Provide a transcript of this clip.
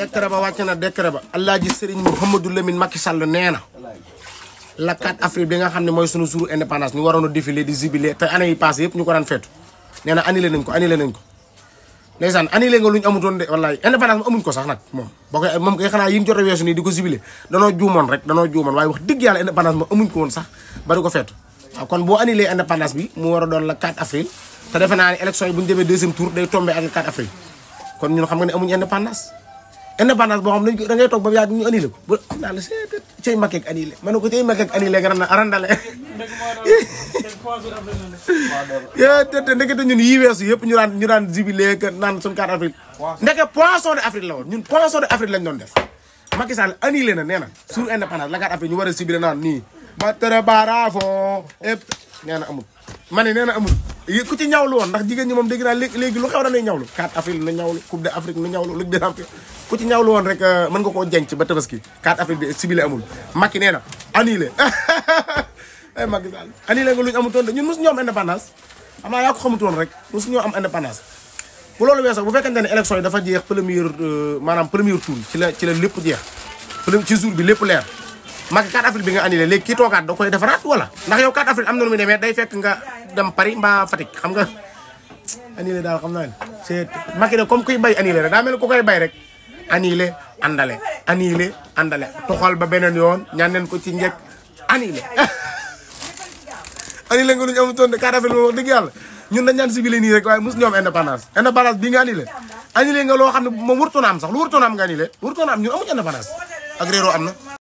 décret ba wàcc na décret ba Alaaji Serigne Mouhamadou Lamine Macky Sall nee la 4 afrique bi nga xam moy mooy sunu suuru indépendance ni warono a défilé di jubilé té année yi passé yépp ñu ko daan feetu nee na annulé nañ ko annulé nañ ko ndeysaan annulé nga luñ ñu amutoon de wallaay indépendance mu amuñ ko sax nak mom bokay mom kay xana xanaa yi ñu ni diko weesu nii di jubilé danoo juumoon rek dañu juumon way wax digg yalla indépendance mo amuñ ko won sax bari ko fétu waaw kon boo annulé indépendance bi mu wara a doon la 4 afrique té défé na ni élection yi buñu démé deuxième tour day tomber ak le 4 avril kon ñun xam nga ne amuñ indépendance indépendance bo xam ne da ngay tok ba yaa ñu annulé ko bu am naa la seet cey makke ak annulé man ko tey makke ak annulé garam na arandalé ya te te ndeke ñun yi wessu yépp ñu daan ñu daan jibilé ke naan sun 4 avril ndeke poisson de avril la won ñun poisson de avril lañ doon def Macky Sall annulé na néna sur indépendance la carte avril ñu wara jubilé naan ni ba tere barafo et néna amul mané néna amul ku ci ñawlu woon ndax jigéen ñi moom dégg lu xew na ñawlu 4 avril na ñawlu coupe de na ñawlu ligue des champions ku ci ñawlu woon rek euh, mën nga jenc ba tabaski sibile amul Macky na annulé ay eh, Macky Sall annulé nga luñ amutoon de ñun mus ñoo am indépendance ama naa ko xamutoon rek mus ñoo am indépendance bu loolu weesoo bu fekkente ne élection dafa jeex premier euh, maanaam premier tour ci la ci la lépp jeex ci jour bi lépp leer Macky kat avril bi nga annulé léegi da koy wala ndax yow kat am lu day fekk nga dem Paris ma fatik xam nga annulé dal xam nañ c'est Macky nag comme kuy bay annulé da mel ko koy bay rek andale àndale annulé àndale toxal ba benen yoon ñaan leen ko ci ñek annulé annulé nga lu ñu amutoon de carte mo wax deug yalla ñun dañ ñaan civilé ni rek way mus ñom indépendance indépendance bi nga annulé annulé nga lo xam mo wurtuna am sax lu wurtuna am nga annulé wurtuna am ñun amuñu indépendance ak réeroo amna